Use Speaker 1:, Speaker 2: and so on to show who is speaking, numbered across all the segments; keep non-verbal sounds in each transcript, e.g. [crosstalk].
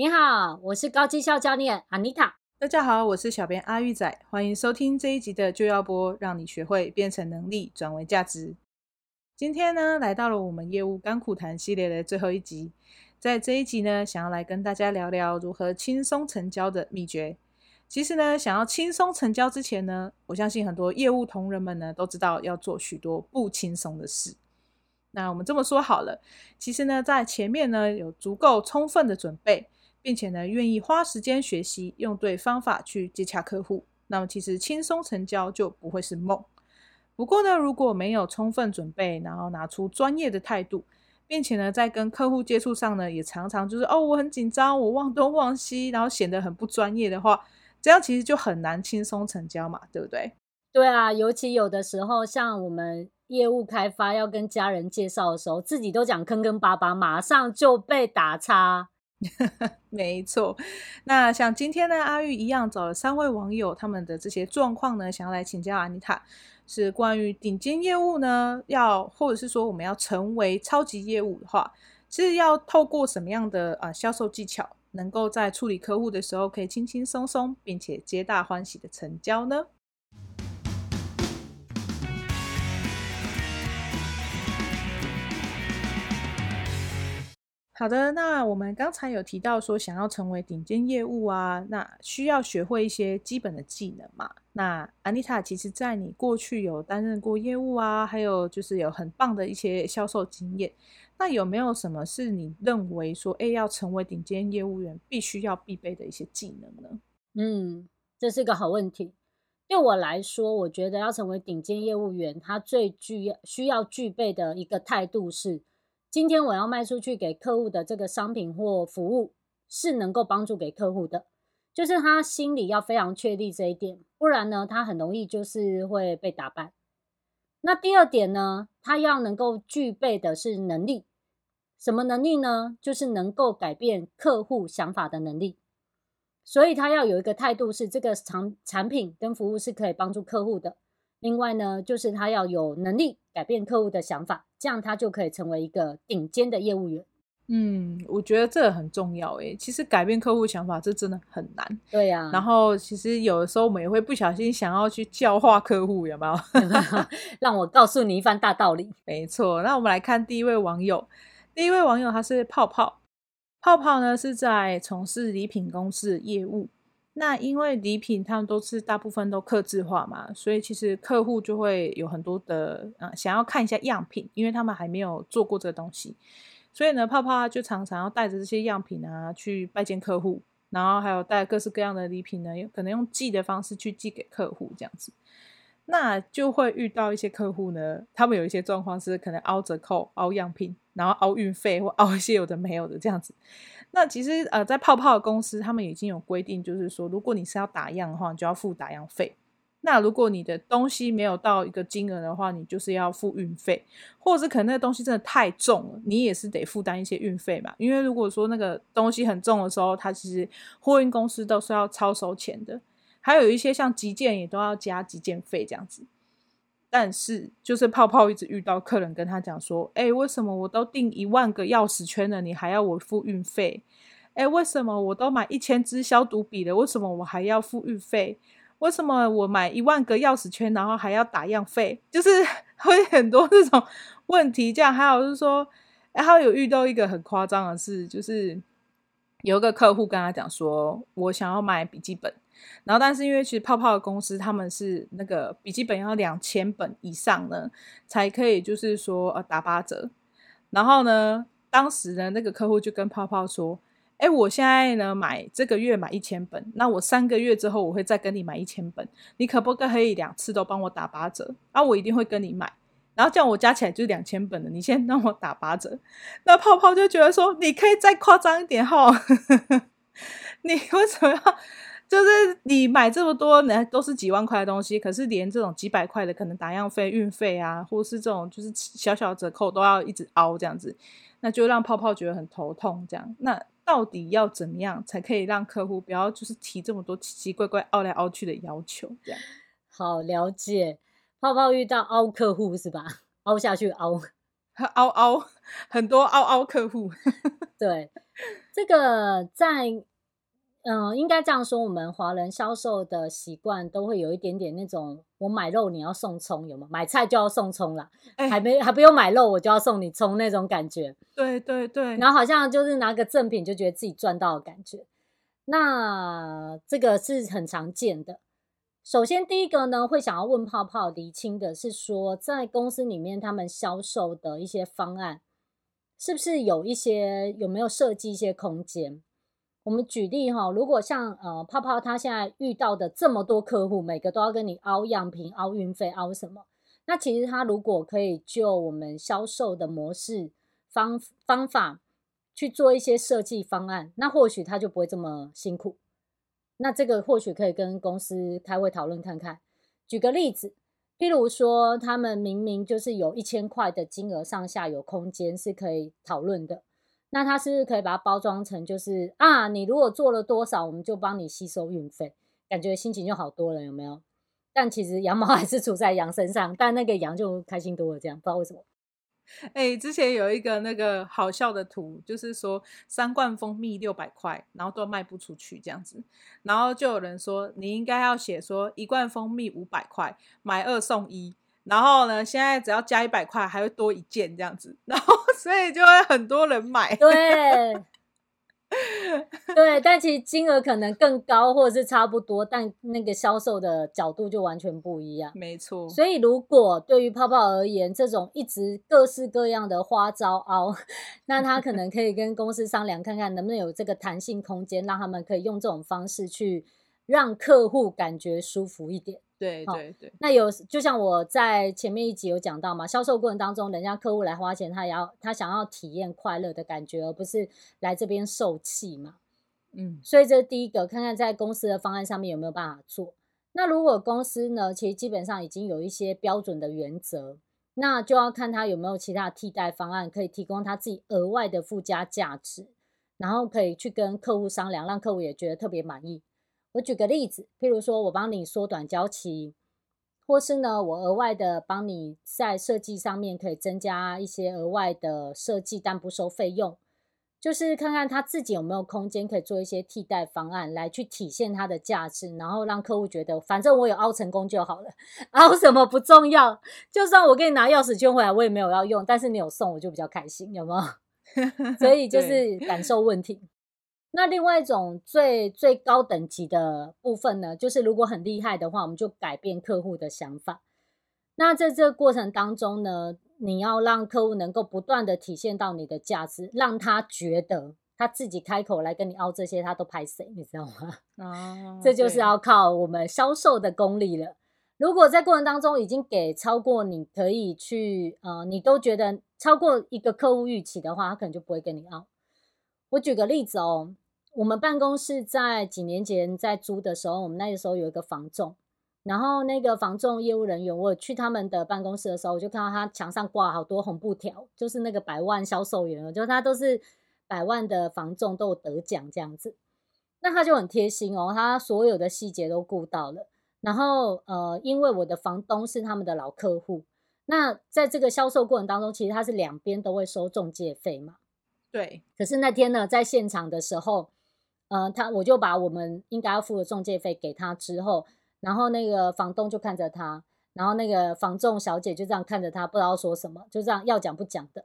Speaker 1: 你好，我是高績效教練阿尼塔。Anita、大家好，我是小編阿玉仔，歡迎收聽這一集的 Joy 要播，讓你學會變成能力，轉為價值。今天呢，來到了我們業務甘苦談系列的最後一集。在這一集呢，想要來跟大家聊聊如何輕鬆成交的秘訣。其實呢，想要輕鬆成交之前呢，我相信很多業務同仁們呢，都知道要做許多不輕鬆的事。那我們這麼說好了，其實呢，在前面呢，有足夠充分的準備。並且呢，願意花時間學習，用對方法去接洽客戶，那麼其實輕鬆成交就不會是夢。不過呢，如果沒有充分準備，然後拿出專業的態度，並且呢，在跟客戶接觸上呢，也常常就是哦，我很緊張，我忘東忘西，然後顯得很不專業的話，這樣其實就很難輕鬆成交嘛，對不對？
Speaker 2: 對啊，尤其有的時候，像我們業務開發要跟家人
Speaker 1: 介紹的時候，自己都講坑坑巴巴，馬上就被打岔。 [laughs] 沒錯，那像今天呢，阿玉一樣找了三位網友，他們的這些狀況呢，想要來請教阿妮塔，是關於頂尖業務呢，要或者是說我們要成為超級業務的話，是要透過什麼樣的啊呃、銷售技巧，能夠在處理客戶的時候可以輕輕鬆鬆，並且皆大歡喜的成交呢？好的，那我們剛才有提到說，想要成為頂尖業務啊，那需要學會一些基本的技能嘛，那 Anita，其實，在你過去有擔任過業務啊，還有就是有很棒的一些銷售經驗，那有沒有什麼是你認為說，誒要成為頂尖業務員必須要必備的一些技能呢？嗯，這是一個好問題。對
Speaker 2: 我來說，我覺得要成為頂尖業務員，他最需要需要具備的一個態度是。今天我要賣出去給客戶的這個商品或服務是能夠幫助給客戶的，就是他心裡要非常確立這一點，不然呢，他很容易就是會被打敗。那第二點呢，他要能夠具備的是能力，什麼能力呢？就是能夠改變客戶想法的能力。所以他要有一個態度，是這個產產品跟服務是可以幫助客戶的。另外呢，就是他要有能力改變客戶的想法，這樣
Speaker 1: 他就可以成為一個頂尖的業務員。嗯，我覺得這很重要誒、欸。其實改變客戶想法這真的很難。對呀、啊。然後其實有的時候我們也會不小心想要去教化客戶，有沒有？ [laughs] [laughs] 讓我告訴你一番大道理。沒錯。那我們來看第一位網友。第一位網友他是泡泡。泡泡呢是在從事禮品公司的業務。那因為禮品他們都是大部分都客製化嘛，所以其實客戶就會有很多的，呃，想要看一下樣品，因為他們還沒有做過這個東西。所以呢，泡泡就常常要帶着這些樣品啊，去拜見客戶，然後還有帶各式各樣的禮品呢，有可能用寄的方式去寄給客戶這樣子。那就會遇到一些客戶呢，他們有一些狀況是可能凹折扣、凹樣品，然後凹運費或凹一些有的沒有的這樣子。那其實呃，在泡泡的公司，他們已經有規定，就是說，如果你是要打樣的話，你就要付打樣費。那如果你的東西沒有到一個金額的話，你就是要付運費，或者是可能那個東西真的太重了，你也是得負擔一些運費嘛。因為如果說那個東西很重的時候，它其實貨運公司都是要超收錢的。還有一些像急件也都要加急件費這樣子。但是，就是泡泡一直遇到客人跟他講說：“哎、欸，為什麼我都訂一萬個鑰匙圈了，你還要我付運費？哎、欸，為什麼我都買一千支消毒筆了，為什麼我還要付運費？為什麼我買一萬個鑰匙圈，然後還要打樣費？就是會很多這種問題這樣，還有就是說，還、欸、他有遇到一個很誇張的事，就是有一個客戶跟他講說，我想要買筆記本。”然後，但是因為其實泡泡的公司他們是那個筆記本要兩千本以上呢，才可以就是說呃打八折。然後呢，當時呢那個客戶就跟泡泡說：“哎，我現在呢買這個月買一千本，那我三個月之後我會再跟你買一千本，你可不可以兩次都幫我打八折？啊，我一定會跟你買。然後這樣我加起來就兩千本了，你先讓我打八折。”那泡泡就覺得說：“你可以再誇張一點哈、哦， [laughs] 你為什麼要？”就是你買這麼多呢，都是幾萬塊的東西，可是連這種幾百塊的，可能打樣費、運費啊，或是這種就是小小折扣都要一直凹這樣子，那就讓泡泡覺得很頭痛。這樣，那到底要怎麼樣才可以讓客戶不要就是提這麼多奇奇怪怪、凹來凹去的要求？這樣，好了解，泡泡遇到凹客戶是吧？凹下去，凹，凹凹，很多凹凹客戶。
Speaker 2: 對，這個在。嗯，應該這樣說，我們華人銷售的習慣都會有一點點那種，我買肉你要送蔥，有嗎？買菜就要送蔥啦，欸、還沒還不用買肉，我就要送你蔥那種感覺。
Speaker 1: 對對對，然後好
Speaker 2: 像就是拿個贈品，就覺得自己賺到的感覺。那這個是很常見的。首先第一個呢，會想要問泡泡、釐清的是說，在公司裡面他們銷售的一些方案，是不是有一些有沒有設計一些空間？我們舉例哈，如果像呃泡泡他現在遇到的這麼多客戶，每個都要跟你拗樣品、拗運費、拗什麼，那其實他如果可以就我們銷售的模式方方法去做一些設計方案，那或許他就不會這麼辛苦。那這個或許可以跟公司開會討論看看。舉個例子，譬如說他們明明就是有一千塊的金額上下有空間是可以討論的。那他是不是可以把它包裝成就是啊，你如果做了多少，我們就幫你吸收運費，感覺心情就好多了，有沒有？但其實羊毛還是出在羊身上，但那個羊就開心多了，這樣不知道為什麼。哎、
Speaker 1: 欸，之前有一個那個好笑的圖，就是說三罐蜂蜜六百塊，然後都賣不出去這樣子，然後就有人說你應該要寫說一罐蜂蜜五百塊買二送一，然後呢，現在只要加一百塊還會多一件這樣子，然後。所以就會很多人買，對，
Speaker 2: [laughs] 對，但其實金額可能更高，或者是差不多，但那個銷售的角度就完全不一樣，沒錯。所以如果對於泡泡而言，這種一直各式各樣的花招凹，那他可能可以跟公司商量，看看能不能有這個彈性空間，讓他們可以用這種方式去讓客戶感覺舒服一點。
Speaker 1: 對對對、哦，那
Speaker 2: 有就像我在前面一集有講到嘛，銷售過程當中，人家客戶來花錢，他也要他想要體驗快樂的感覺，而不是來這邊受氣嘛。嗯，所以這是第一個，看看在公司的方案上面有沒有辦法做。那如果公司呢，其實基本上已經有一些標準的原則，那就要看他有沒有其他的替代方案，可以提供他自己額外的附加價值，然後可以去跟客戶商量，讓客戶也覺得特別滿意。我舉個例子，譬如說，我幫你縮短交期，或是呢，我額外的幫你在設計上面可以增加一些額外的設計，但不收費用，就是看看他自己有沒有空間可以做一些替代方案來去體現他的價值，然後讓客戶覺得，反正我有凹成功就好了，凹什麼不重要，就算我給你拿鑰匙圈回來，我也沒有要用，但是你有送我就比較開心，有沒有？所以就是感受問題。 [laughs] 那另外一種最最高等級的部分呢，就是如果很厲害的話，我們就改變客戶的想法。那在這個過程當中呢，你要讓客戶能夠不斷的體現到你的價值，讓他覺得他自己開口來跟你凹這些，他都拍謝，你知道嗎？啊、這就是要靠我們銷售的功力了。如果在過程當中已經給超過，你可以去呃，你都覺得超過一個客戶預期的話，他可能就不會跟你凹。我舉個例子哦，我們辦公室在幾年前在租的時候，我們那個時候有一個房仲，然後那個房仲業務人員，我去他們的辦公室的時候，我就看到他牆上掛好多紅布條，就是那個百萬銷售員哦，就是他都是百萬的房仲都有得獎這樣子。那他就很貼心哦，他所有的細節都顧到了。然後呃，因為我的房東是他們的老客戶，那在這個銷售過程當中，其實他是兩邊都會收仲介費嘛。對，可是那天呢，在現場的時候，嗯、呃，他我就把我們應該要付的中介費給他之後，然後那個房東就看着他，然後那個房仲小姐就這樣看着他，不知道說什麼，就這樣要講不講的。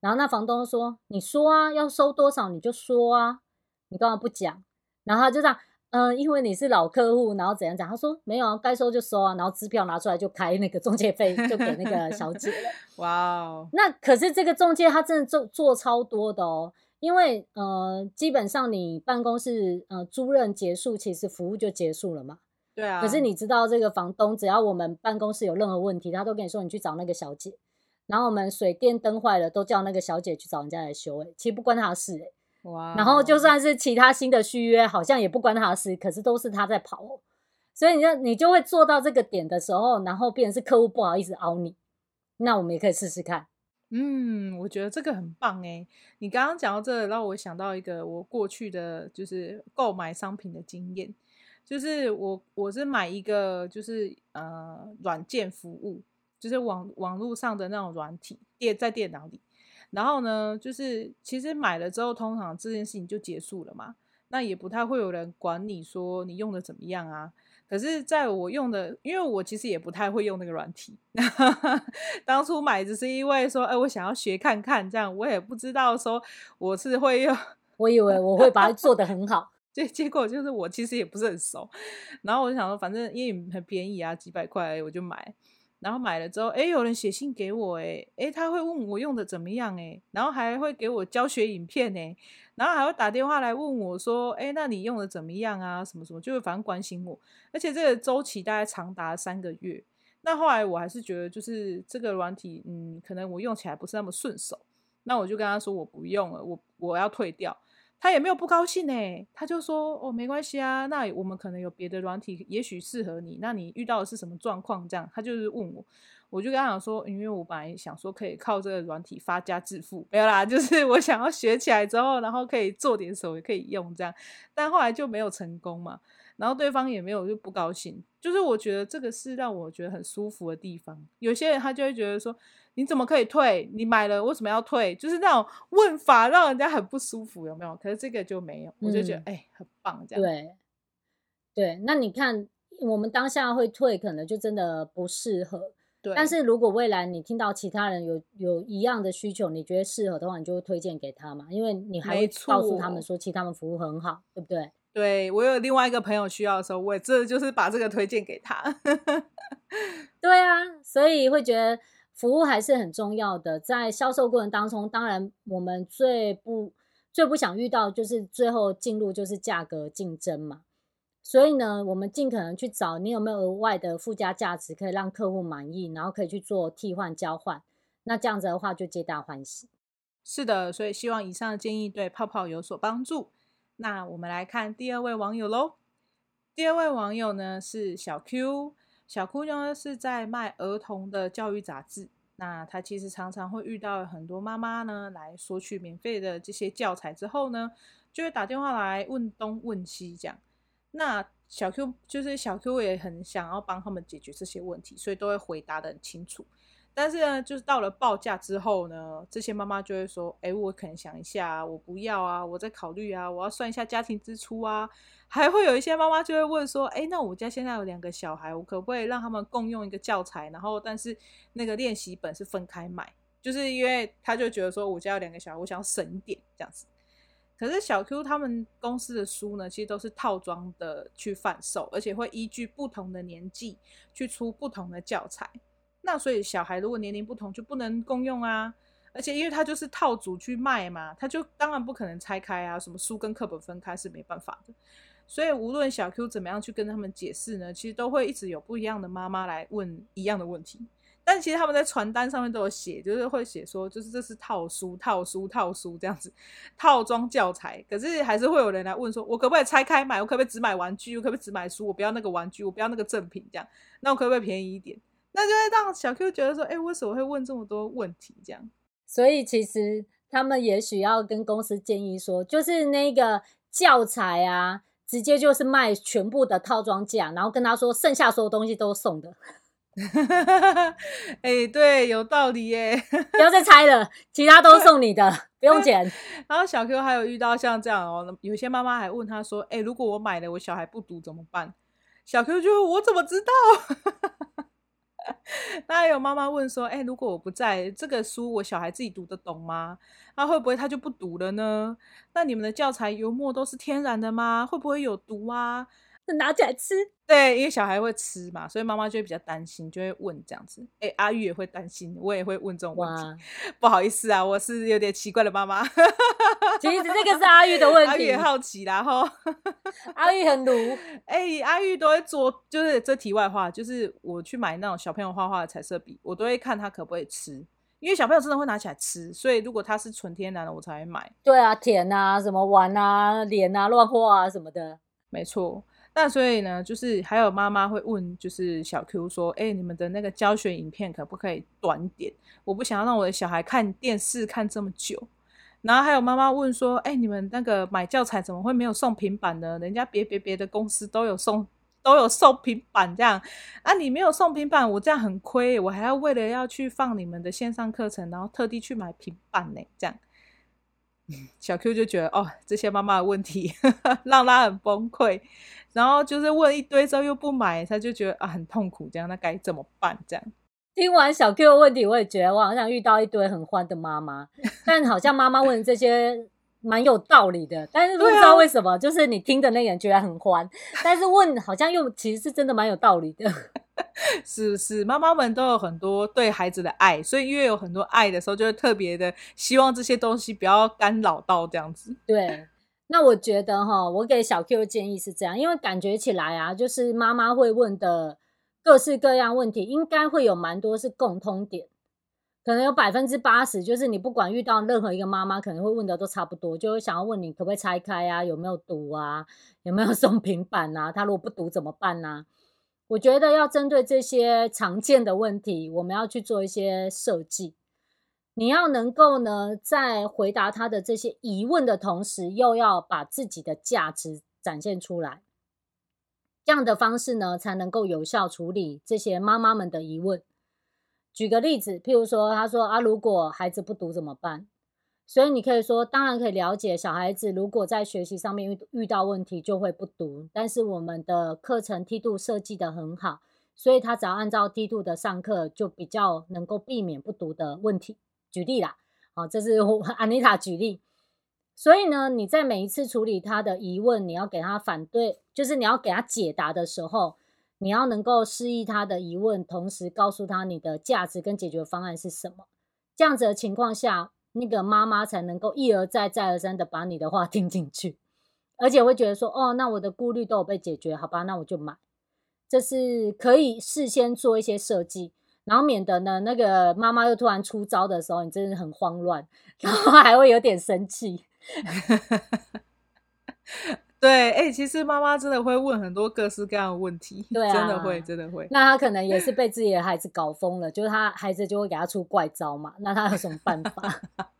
Speaker 2: 然後那房東說：“你說啊，要收多少你就說啊，你幹嘛不講？”然後就這樣。嗯，因為你是老客戶，然後怎樣講？他說沒有啊，該收就收啊。然後支票拿出來就開那個中介費， [laughs] 就給那個小姐
Speaker 1: 了。哇哦，Wow.
Speaker 2: 那可是這個中介他真的做做超多的哦，因為呃，基本上你辦公室呃租任結束，其實服務就結束了嘛。對啊。可是你知道這個房東，只要我們辦公室有任何問題，他都跟你說你去找那個小姐。然後我們水電燈壞了，都叫那個小姐去找人家來修。哎，其實不關他的事哎。Wow, 然後就算是其他新的續約，好像也不關他的事，可是都是他在跑哦，所以你就你就會做到這個點的時候，然後變成是客戶不好意思拗你，那我們也可以試試看。
Speaker 1: 嗯，我覺得這個很棒哎，你剛剛講到這個，讓我想到一個我過去的就是購買商品的經驗，就是我我是買一個就是呃軟件服務，就是網網絡上的那種軟體，店在電腦裡。然後呢，就是其實買了之後，通常這件事情就結束了嘛。那也不太會有人管你說你用的怎麼樣啊。可是在我用的，因為我其實也不太會用那個軟體。 [laughs] 當初買只是因為說，哎，我想要學看看，這樣我也不知道說我是會用，我以為我會把它做得很好，結 [laughs] 結果就是我其實也不是很熟。然後我就想說，反正因為很便宜啊，幾百塊我就買。然後買了之後，哎，有人寫信給我，哎，哎，他會問我用的怎麼樣，哎，然後還會給我教學影片，哎，然後還會打電話來問我，說，哎，那你用的怎麼樣啊？什麼什麼，就會反正關心我。而且這個週期大概長達三個月。那後來我還是覺得，就是這個軟體，嗯，可能我用起來不是那麼順手。那我就跟他說，我不用了，我我要退掉。他也沒有不高興耶，他就說：“哦，沒關係啊，那我們可能有別的軟體，也許適合你。那你遇到的是什麼狀況？這樣，他就是問我，我就跟他講說，因為我本來想說可以靠這個軟體發家致富，沒有啦，就是我想要學起來之後，然後可以做點手也可以用這樣，但後來就沒有成功嘛。”然後對方也沒有就不高興，就是我覺得這個是讓我覺得很舒服的地方。有些人他就會覺得說，你怎麼可以退？你買了我為什麼要退？就是那種問法讓人家很不舒服，有沒有？可是這個就沒有，我就覺得哎、嗯欸、很棒這樣。對對，那你看我們當下會退，可能就
Speaker 2: 真的不適合。對，但是如果未來你聽到其他人有有一樣的需求，你覺得適合的話，你就會推薦給他嘛，因為你還會告訴他們說，其實他們服務很好，哦、對不對？
Speaker 1: 對，我有另外一個朋友需要的時候，我這就是把這個推薦給他。
Speaker 2: [laughs] 對啊，所以會覺得服務還是很重要的。在銷售過程當中，當然我們最不最不想遇到的就是最後進入就是價格競爭嘛。所以呢，我們盡可能去找你有沒有額外的附加價值可以讓客戶滿意，然後可以去做替換交換。那這樣子的話，就皆大歡
Speaker 1: 喜。是的，所以希望以上建議對泡泡有所幫助。那我們來看第二位網友嘍。第二位網友呢是小 Q，小 Q 呢是在賣兒童的教育雜誌。那他其實常常會遇到很多媽媽呢來索取免費的這些教材，之後呢就會打電話來問東問西這樣。那小 Q 就是小 Q 也很想要幫他們解決這些問題，所以都會回答得很清楚。但是呢，就是到了報價之後呢，這些媽媽就會說：“誒，我可能想一下，我不要啊，我再考慮啊，我要算一下家庭支出啊。”還會有一些媽媽就會問說：“誒，那我家現在有兩個小孩，我可不可以讓他們共用一個教材？然後，但是那個練習本是分開買，就是因為他就覺得說，我家有兩個小孩，我想要省一點這樣子。可是小 Q 他們公司的書呢，其實都是套裝的去販售，而且會依據不同的年紀去出不同的教材。”那所以小孩如果年齡不同就不能共用啊，而且因為他就是套組去賣嘛，他就當然不可能拆開啊，什麼書跟課本分開是沒辦法的。所以無論小 Q 怎麼樣去跟他們解釋呢，其實都會一直有不一樣的媽媽來問一樣的問題。但其實他們在傳單上面都有寫，就是會寫說，就是這是套書、套書、套書這樣子，套裝教材。可是還是會有人來問說，我可不可以拆開買？我可不可以只買玩具？我可不可以只買書？我不要那個玩具，我不要那個贈品這樣。那我可不可以便宜一點？那就會讓小 Q 覺得說，哎、欸，為什麼會問這麼多問題？這樣，所以
Speaker 2: 其實他們也許要跟公司建議說，就是那個教材啊，直接就是賣全部的套裝價，然後跟他說剩下所有東西都送的。哎、 [laughs] 欸，對，有道理耶、欸！ [laughs] 不要再猜了，其他都送你的，對
Speaker 1: 不用撿、欸。然後小 Q 還有遇到像這樣哦、喔，有些媽媽還問他說，哎、欸，如果我買了，我小孩不讀怎麼辦？小 Q 就說我怎麼知道？ [laughs] 那還 [laughs] 有媽媽問說：“哎、欸，如果我不在，這個書我小孩自己讀得懂嗎？那、啊、會不會他就不讀了呢？那你們的教材油墨都是天然的嗎？會不會有毒啊？”拿起來吃，對，因為小孩會吃嘛，所以媽媽就會比較擔心，就會問這樣子。哎、欸，阿玉也會擔心，我也會問這種問題。哇不好意思啊，我是有點奇怪的媽媽。
Speaker 2: [laughs] 其實這個是阿玉的問題，欸、阿玉也好
Speaker 1: 奇啦，哈。阿玉很魯，哎、欸，阿玉都會做。就是這題外話，就是我去買那種小朋友畫畫的彩色筆，我都會看他可不可以吃，因為小朋友真的會拿起來吃，所以如果它是純天然的，我才會買。
Speaker 2: 對啊，舔啊，什麼玩啊，臉啊，亂畫啊，
Speaker 1: 什麼的。沒錯。那所以呢，就是還有媽媽會問，就是小 Q 說：“哎、欸，你們的那個教學影片可不可以短點？我不想要讓我的小孩看電視看這麼久。”然後還有媽媽問說：“哎、欸，你們那個買教材怎麼會沒有送平板呢？人家別別別的公司都有送，都有送平板這樣啊？你沒有送平板，我這樣很虧、欸，我還要為了要去放你們的線上課程，然後特地去買平板呢？這樣，小 Q 就覺得哦，這些媽媽的問題呵呵讓他很崩潰。”然後就是問一堆之後又不買，他就覺得啊很痛苦這樣，那該怎麼辦？這樣
Speaker 2: 聽完小 Q 的問題，我也覺得我好像遇到一堆很歡的媽媽，但好像媽媽問這些蠻有道理的， [laughs] 但是不知道為什麼，啊、就是你聽的那人覺得很歡，
Speaker 1: 但是問好像又其實是真的蠻有道理的， [laughs] 是是，是，媽媽們都有很多對孩子的愛，所以因為有很多愛的時候，就會特別的希望這些東西不要干擾到這樣子，
Speaker 2: 對。那我覺得哈，我給小 Q 的建議是這樣，因為感覺起來啊，就是媽媽會問的各式各樣問題，應該會有蠻多是共通點，可能有百分之八十，就是你不管遇到任何一個媽媽，可能會問的都差不多，就會想要問你可不可以拆開啊，有沒有讀啊？有沒有送平板啊？他如果不讀怎麼辦啊？我覺得要針對這些常見的問題，我們要去做一些設計。你要能夠呢，在回答他的這些疑問的同時，又要把自己的價值展現出來，這樣的方式呢，才能夠有效處理這些媽媽們的疑問。舉個例子，譬如說，他說啊，如果孩子不讀怎麼辦？所以你可以說，當然可以了解，小孩子如果在學習上面遇遇到問題就會不讀，但是我們的課程梯度設計得很好，所以他只要按照梯度的上課，就比較能夠避免不讀的問題。舉例啦，好，這是我安妮塔舉例。所以呢，你在每一次處理她的疑問，你要給她反對，就是你要給她解答的時候，你要能夠示意她的疑問，同時告訴她你的價值跟解決方案是什麼。這樣子的情況下，那個媽媽才能夠一而再、再而三的把你的話聽進去，而且會覺得說，哦，那我的顧慮都有被解決，好吧，那我就買。這是可以事先做一些設計。然後免得呢，那個媽媽又突然出招的時候，你真的很慌亂，然後還會有點生氣。
Speaker 1: [laughs] 對，哎、欸，其實媽媽真的會問很多各式各樣的問題，對啊、真的會，真的會。那她可能也
Speaker 2: 是被自己的孩子搞瘋了， [laughs] 就是他孩子就會給他出怪招嘛，那他有什麼辦法？ [laughs]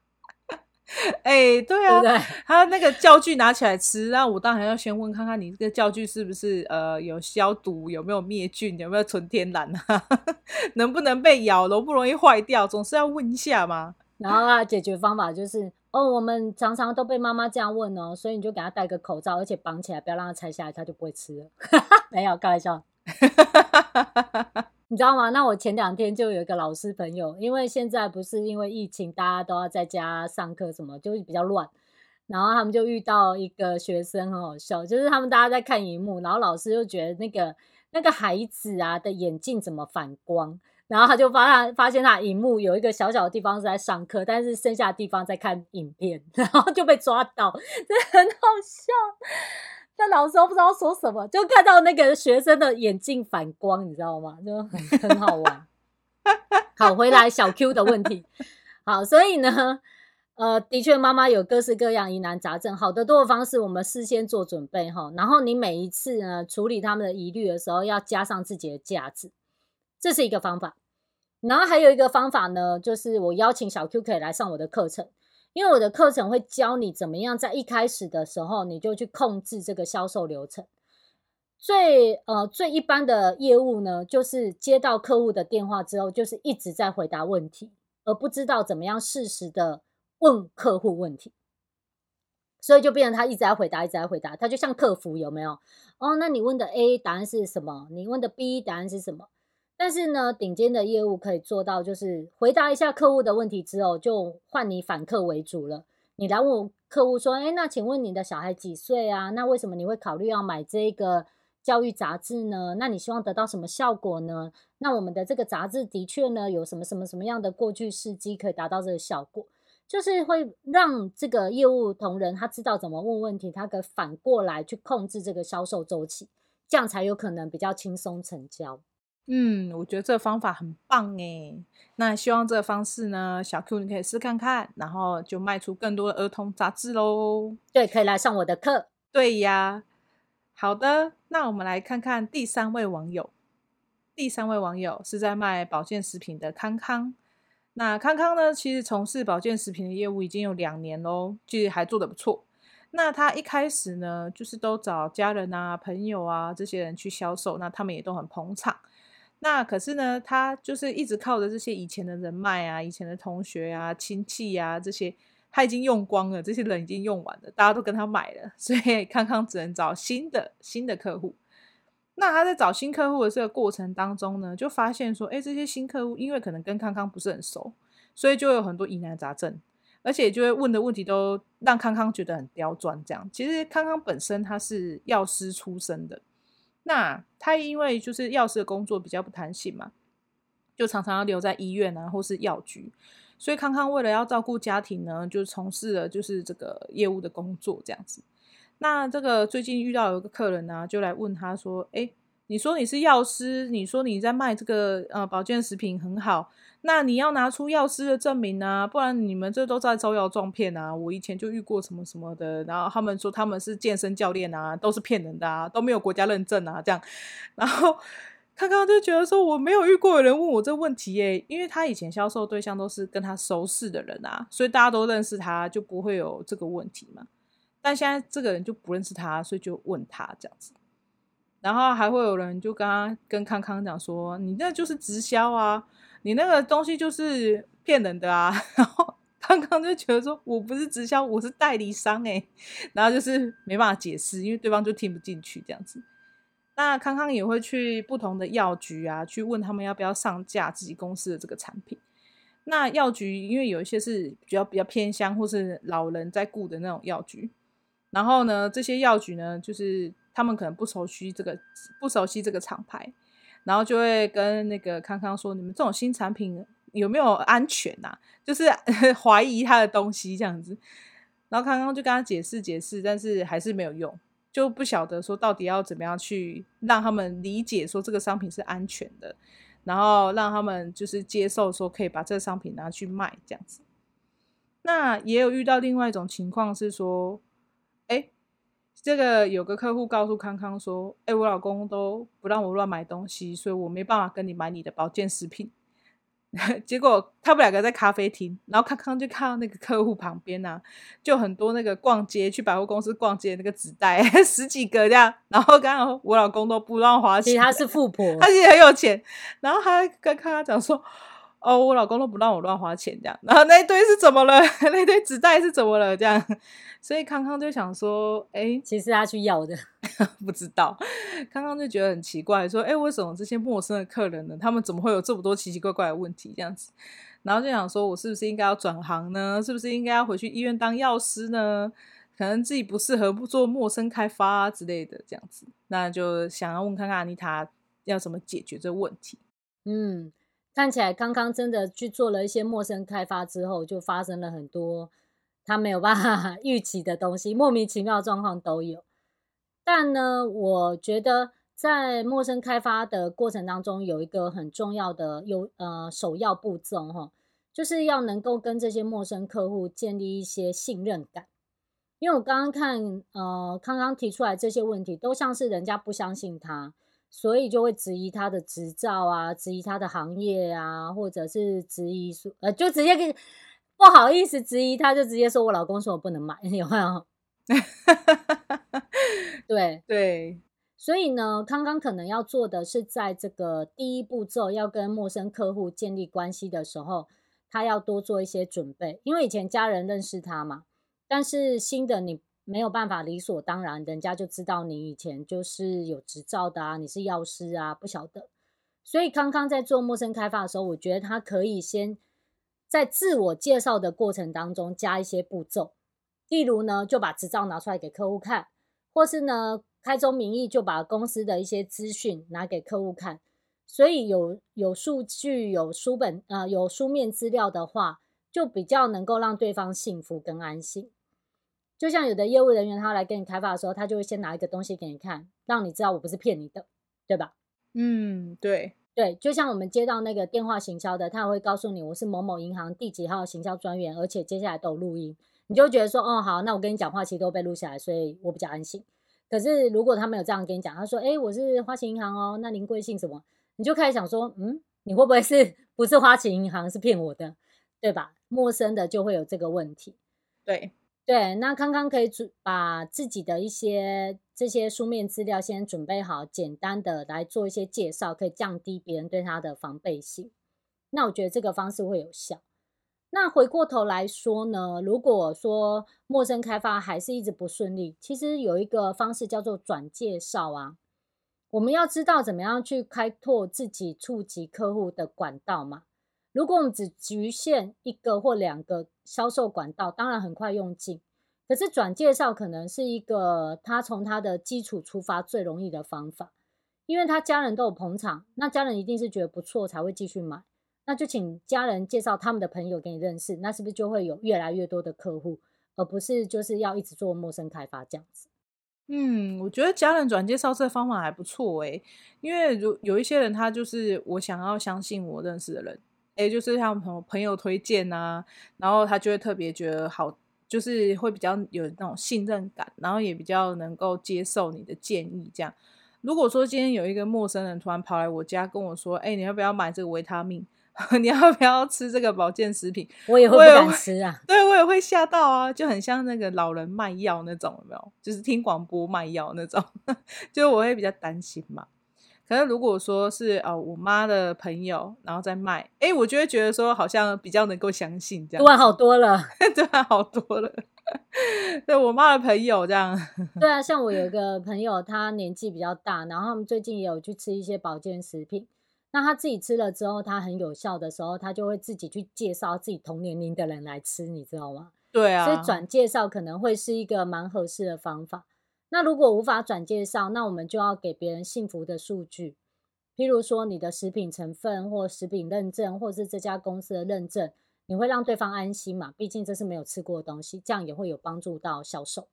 Speaker 1: 哎、欸，對啊，對不對？他那個教具拿起來吃，那我當然要先問看看，你這個教具是不是呃有消毒，有沒有滅菌，有沒有純天然、啊、 [laughs] 能不能被咬，容不容易壞掉，總是要問一下嘛。然後啊，解
Speaker 2: 決方法就是哦，我們常常都被媽媽這樣問哦，所以你就給他戴個口罩，而且綁起來，不要讓他拆下來，他就不會吃了。 [laughs] 沒有，開玩笑。 [laughs] 你知道嗎？那我前兩天就有一個老師朋友，因為現在不是因為疫情，大家都要在家上課什麼，就是比較亂。然後他們就遇到一個學生，很好笑，就是他們大家在看熒幕，然後老師就覺得那個那個孩子啊的眼鏡怎麼反光，然後他就發他發現他熒幕有一個小小的地方是在上課，但是剩下的地方在看影片，然後就被抓到，真的很好笑。但老師都不知道說什麼，就看到那個學生的眼鏡反光，你知道嗎？就很很好玩。 [laughs] 好，回來小 Q 的問題。 [laughs] 好，所以呢，呃，的確媽媽有各式各樣疑難雜症，好的多的方式，我們事先做準備哈。然後你每一次呢處理他們的疑慮的時候，要加上自己的價值，這是一個方法。然後還有一個方法呢，就是我邀請小 Q 可以來上我的課程。因為我的課程會教你怎麼樣在一開始的時候，你就去控制這個銷售流程最。最呃最一般的業務呢，就是接到客戶的電話之後，就是一直在回答問題，而不知道怎麼樣適時的問客戶問題，所以就變成他一直在回答，一直在回答，他就像客服有沒有？哦，那你問的 A 答案是什麼？你問的 B 答案是什麼？但是呢，頂尖的業務可以做到，就是回答一下客戶的問題之後，就換你反客為主了。你來問客戶說：“哎、欸，那請問你的小孩幾歲啊？那為什麼你會考慮要買這個教育雜誌呢？那你希望得到什麼效果呢？那我們的這個雜誌的確呢，有什麼什麼什麼樣的過去事蹟可以達到這個效果？就是會讓這個業務同仁他知道怎麼問問題，他可以反過來去控制這個銷售周期，這樣才有可能比較輕鬆成交。”嗯，我
Speaker 1: 覺得這個方法很棒欸。那希望這個方式呢，小 Q 你可以試看看，然後就賣出更多的兒童雜誌嘍。對，可以來上我的課。對呀。好的，那我們來看看第三位網友。第三位網友是在賣保健食品的康康。那康康呢，其實從事保健食品的業務已經有兩年咯，其實還做得不錯。那他一開始呢，就是都找家人啊、朋友啊這些人去銷售，那他們也都很捧場。那可是呢，他就是一直靠着這些以前的人脈啊、以前的同學啊、親戚啊這些，他已經用光了，這些人已經用完了，大家都跟他買了，所以康康只能找新的新的客戶。那他在找新客戶的這個過程當中呢，就發現說，哎，這些新客戶因為可能跟康康不是很熟，所以就會有很多疑難雜症，而且就會問的問題都讓康康覺得很刁鑽。這樣，其實康康本身他是藥師出身的。那他因為就是藥師的工作比較不彈性嘛，就常常要留在醫院啊，或是藥局，所以康康為了要照顧家庭呢，就從事了就是這個業務的工作這樣子。那這個最近遇到有個客人呢、啊，就來問他說：“誒。你說你是藥師，你說你在賣這個呃保健食品很好，那你要拿出藥師的證明啊，不然你們這都在招搖撞騙啊！我以前就遇過什麼什麼的，然後他們說他們是健身教練啊，都是騙人的啊，都沒有國家認證啊，這樣。然後剛剛就覺得說我沒有遇過有人問我這問題耶、欸，因為他以前銷售對象都是跟他熟識的人啊，所以大家都認識他，就不會有這個問題嘛。但現在這個人就不認識他，所以就問他這樣子。然後還會有人就跟他跟康康講說：“你那就是直銷啊，你那個東西就是騙人的啊。”然後康康就覺得說：“我不是直銷，我是代理商哎。”然後就是沒辦法解釋，因為對方就聽不進去這樣子。那康康也會去不同的藥局啊，去問他們要不要上架自己公司的這個產品。那藥局因為有一些是比較比較偏鄉或是老人在顧的那種藥局，然後呢，這些藥局呢就是。他們可能不熟悉這個，不熟悉這個廠牌，然後就會跟那個康康說：“你們這種新產品有沒有安全啊？”就是呵呵懷疑他的東西這樣子。然後康康就跟他解釋解釋，但是還是沒有用，就不曉得說到底要怎麼樣去讓他們理解說這個商品是安全的，然後讓他們就是接受說可以把這個商品拿去賣這樣子。那也有遇到另外一種情況是說，哎。這個有個客戶告訴康康說：“哎，我老公都不讓我亂買東西，所以我沒辦法跟你買你的保健食品。 [laughs] ”結果他們兩個在咖啡廳，然後康康就看到那個客戶旁邊呢、啊，就很多那個逛街去百貨公司逛街的那個紙袋 [laughs] 十幾個這樣。然後剛剛我老公都不亂花錢，他是富婆，他其實很有錢。然後他跟康康講說。哦，oh, 我老公都不讓我亂花錢這樣，然後那一堆是怎麼了？ [laughs] 那堆紙袋是怎麼了？這樣，所以康康就想說，哎、欸，其實他去要的， [laughs] 不知道。康康就覺得很奇怪，說，哎、欸，為什麼這些陌生的客人呢？他們怎麼會有這麼多奇奇怪怪的問題？這樣子，然後就想說，我是不是應該要轉行呢？是不是應該要回去醫院當藥師呢？可能自己不適合不做陌生開發之類的，這樣子，那就想要問看看安妮塔要怎麼解決這個問題。嗯。
Speaker 2: 看起來康康真的去做了一些陌生開發之後，就發生了很多他沒有辦法預期的東西，莫名其妙狀況都有。但呢，我覺得在陌生開發的過程當中，有一個很重要的有呃首要步驟，就是要能夠跟這些陌生客戶建立一些信任感。因為我剛剛看呃，康康提出來這些問題，都像是人家不相信他。所以就會質疑他的執照啊，質疑他的行業啊，或者是質疑說，呃，就直接給不好意思質疑他，他就直接說：“我老公說我不能買，有沒有？”對 [laughs] 對，對所以呢，康康可能要做的是，在這個第一步驟要跟陌生客戶建立關係的時候，他要多做一些準備，因為以前家人認識他嘛，但是新的你。沒有辦法，理所當然，人家就知道你以前就是有執照的啊，你是藥師啊，不曉得。所以康康在做陌生開發的時候，我覺得他可以先在自我介紹的過程當中加一些步驟，例如呢，就把執照拿出來給客戶看，或是呢，開宗明義就把公司的一些資訊拿給客戶看。所以有有數據、有書本啊、呃、有書面資料的話，就比較能夠讓對方幸福跟安心。就像有的業務人員他要來給你開發的時候，他就會先拿一個東西給你看，讓你知道我不是騙你的，對吧？嗯，對對，就像我們接到那個電話行銷的，他會告訴你我是某某銀行第幾號行銷專員，而且接下來都有錄音，你就覺得說哦好，那我跟你講話其實都被錄下來，所以我比較安心。可是如果他沒有這樣跟你講，他說哎我是花旗銀行哦，那您貴姓什麼？你就開始想說嗯，你會不會是不是花旗銀行是騙我的，對吧？陌生的就會有這個問題，對。對，那康康可以把自己的一些這些書面資料先準備好，簡單的來做一些介紹，可以降低別人對他的防備性。那我覺得這個方式會有效。那回過頭來說呢，如果說陌生開發還是一直不順利，其實有一個方式叫做轉介紹啊。我們要知道怎麼樣去開拓自己觸及客戶的管道嘛。如果我們只局限一個或兩個銷售管道，當然很快用盡。可是轉介紹可能是一個他從他的基礎出發最容易的方法，因為他家人都有捧場，那家人一定是覺得不錯才會繼續買。那就請家人介紹他們的朋友給你認識，那是不是就會有越來越多的客戶，而不是就是要一直做陌生開發這樣子？
Speaker 1: 嗯，我覺得家人轉介紹這方法還不錯誒，因為如有一些人他就是我想要相信我認識的人。哎，就是像朋朋友推薦啊，然後他就會特別覺得好，就是會比較有那種信任感，然後也比較能夠接受你的建議。這樣，如果說今天有一個陌生人突然跑來我家跟我說：“哎，你要不要買這個維他命？ [laughs] 你要不要吃這個保健食品？”我也會不敢吃啊，我，對，我也會嚇到啊，就很像那個老人賣藥那種，有沒有？就是聽廣播賣藥那種， [laughs] 就是我會比較擔心嘛。可是如果說是哦，我媽的朋友然後在賣，哎，我就會覺得說好像比較能夠相信這樣，對啊，好
Speaker 2: 多了，
Speaker 1: [laughs] 對啊，好多了， [laughs] 對我媽的朋友這樣。
Speaker 2: 對啊，像我有一個朋友，他年紀比較大，然後他們最近也有去吃一些保健食品。那他自己吃了之後，他很有效的時候，他就會自己去介紹自己同年齡的人來吃，你知道嗎？對啊，所以轉介紹可能會是一個蠻合適的方法。那如果無法轉介紹，那我們就要給別人幸福的數據，譬如說你的食品成分或食品認證，或是這家公司的認證，你會讓對方安心嘛？畢竟這是沒
Speaker 1: 有吃過的東西，這樣也會有幫助到銷售。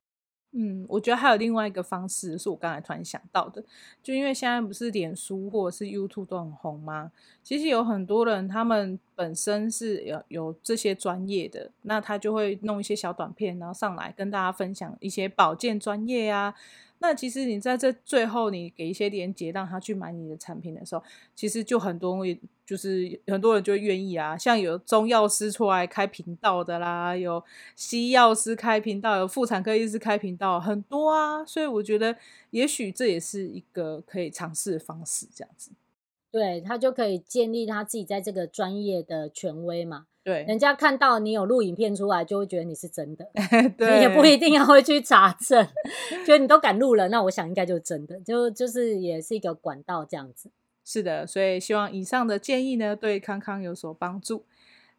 Speaker 1: 嗯，我覺得還有另外一個方式，是我剛才突然想到的，就因為現在不是臉書或者是 YouTube 都很紅嗎？其實有很多人，他們本身是有有這些專業的，那他就會弄一些小短片，然後上來跟大家分享一些保健專業啊。那其實你在這最後，你給一些連結，讓他去買你的產品的時候，其實就很多會，就是很多人就會願意啊。像有中藥師出來開頻道的啦，有西藥師開頻道，有婦產科醫師開頻道，很多啊。所以我覺得，也許這也是一個可以嘗試的方式，這樣子。
Speaker 2: 對，他就可以建立他自己在這個專業的權威嘛。對，人家看到你有錄影片出來，就會覺得你是真的， [laughs] 對，你也不一定要會去查證，就 [laughs] [laughs] 你都敢錄了，那我想
Speaker 1: 應該就是真的，就就是也是一個管道這樣子。是的，所以希望以上的建議呢，對康康有所幫助。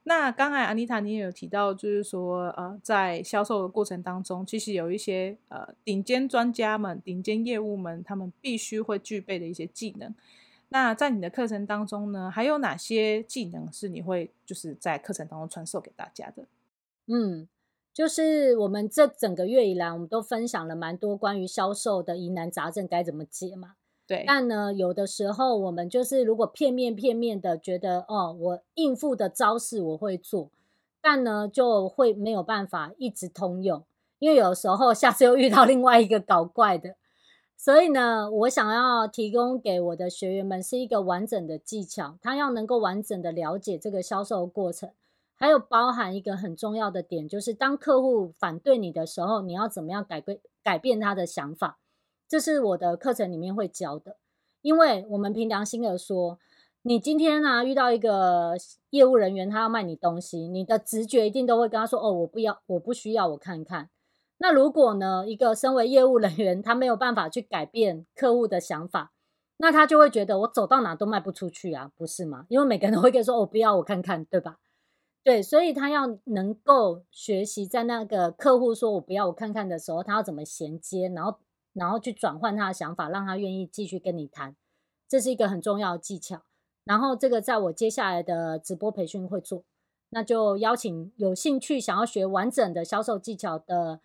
Speaker 1: 那剛才安妮塔你也有提到，就是說呃，在銷售的過程當中，其實有一些呃頂尖專家們、頂尖業務們，他們必須會具備的一些技能。那在你的課程當中呢，還有哪些技能是你會就是在課程當中傳授給大家的？嗯，
Speaker 2: 就是我們這整個月以來，我們都分享了蠻多關於銷售的疑難雜症該怎麼解嘛。對，但呢，有的時候我們就是如果片面片面的覺得哦，我應付的招式我會做，但呢就會沒有辦法一直通用，因為有的時候下次又遇到另外一個搞怪的。所以呢，我想要提供給我的學員們是一個完整的技巧，他要能夠完整的了解這個銷售過程，還有包含一個很重要的點，就是當客戶反對你的時候，你要怎麼樣改規改變他的想法，這是我的課程裡面會教的。因為我們憑良心而說，你今天呢，啊，遇到一個業務人員，他要賣你東西，你的直覺一定都會跟他說：“哦，我不要，我不需要，我看看。”那如果呢，一個身為業務人員，他沒有辦法去改變客戶的想法，那他就會覺得我走到哪都賣不出去啊，不是嗎？因為每個人都會跟你說我不要，我看看，對吧？對，所以他要能夠學習在那個客戶說我不要，我看看的時候，他要怎麼銜接，然後然後去轉換他的想法，讓他願意繼續跟你談，這是一個很重要的技巧。然後這個在我接下來的直播培訓會做，那就邀請有興趣想要學完
Speaker 1: 整的銷售技巧的。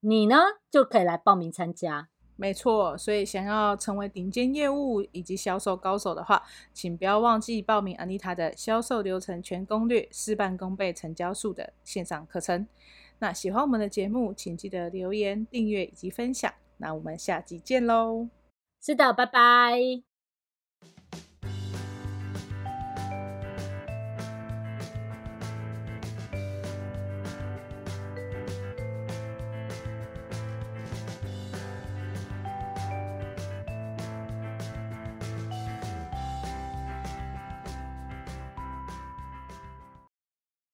Speaker 1: 你呢，就可以來報名參加，沒錯。所以想要成為頂尖業務以及銷售高手的話，請不要忘記報名 Anita 的銷售流程全攻略，事半功倍成交術的線上課程。那喜歡我們的節目，請記得留言、訂閱以及分享。那我們下集見嘍！是的，拜拜。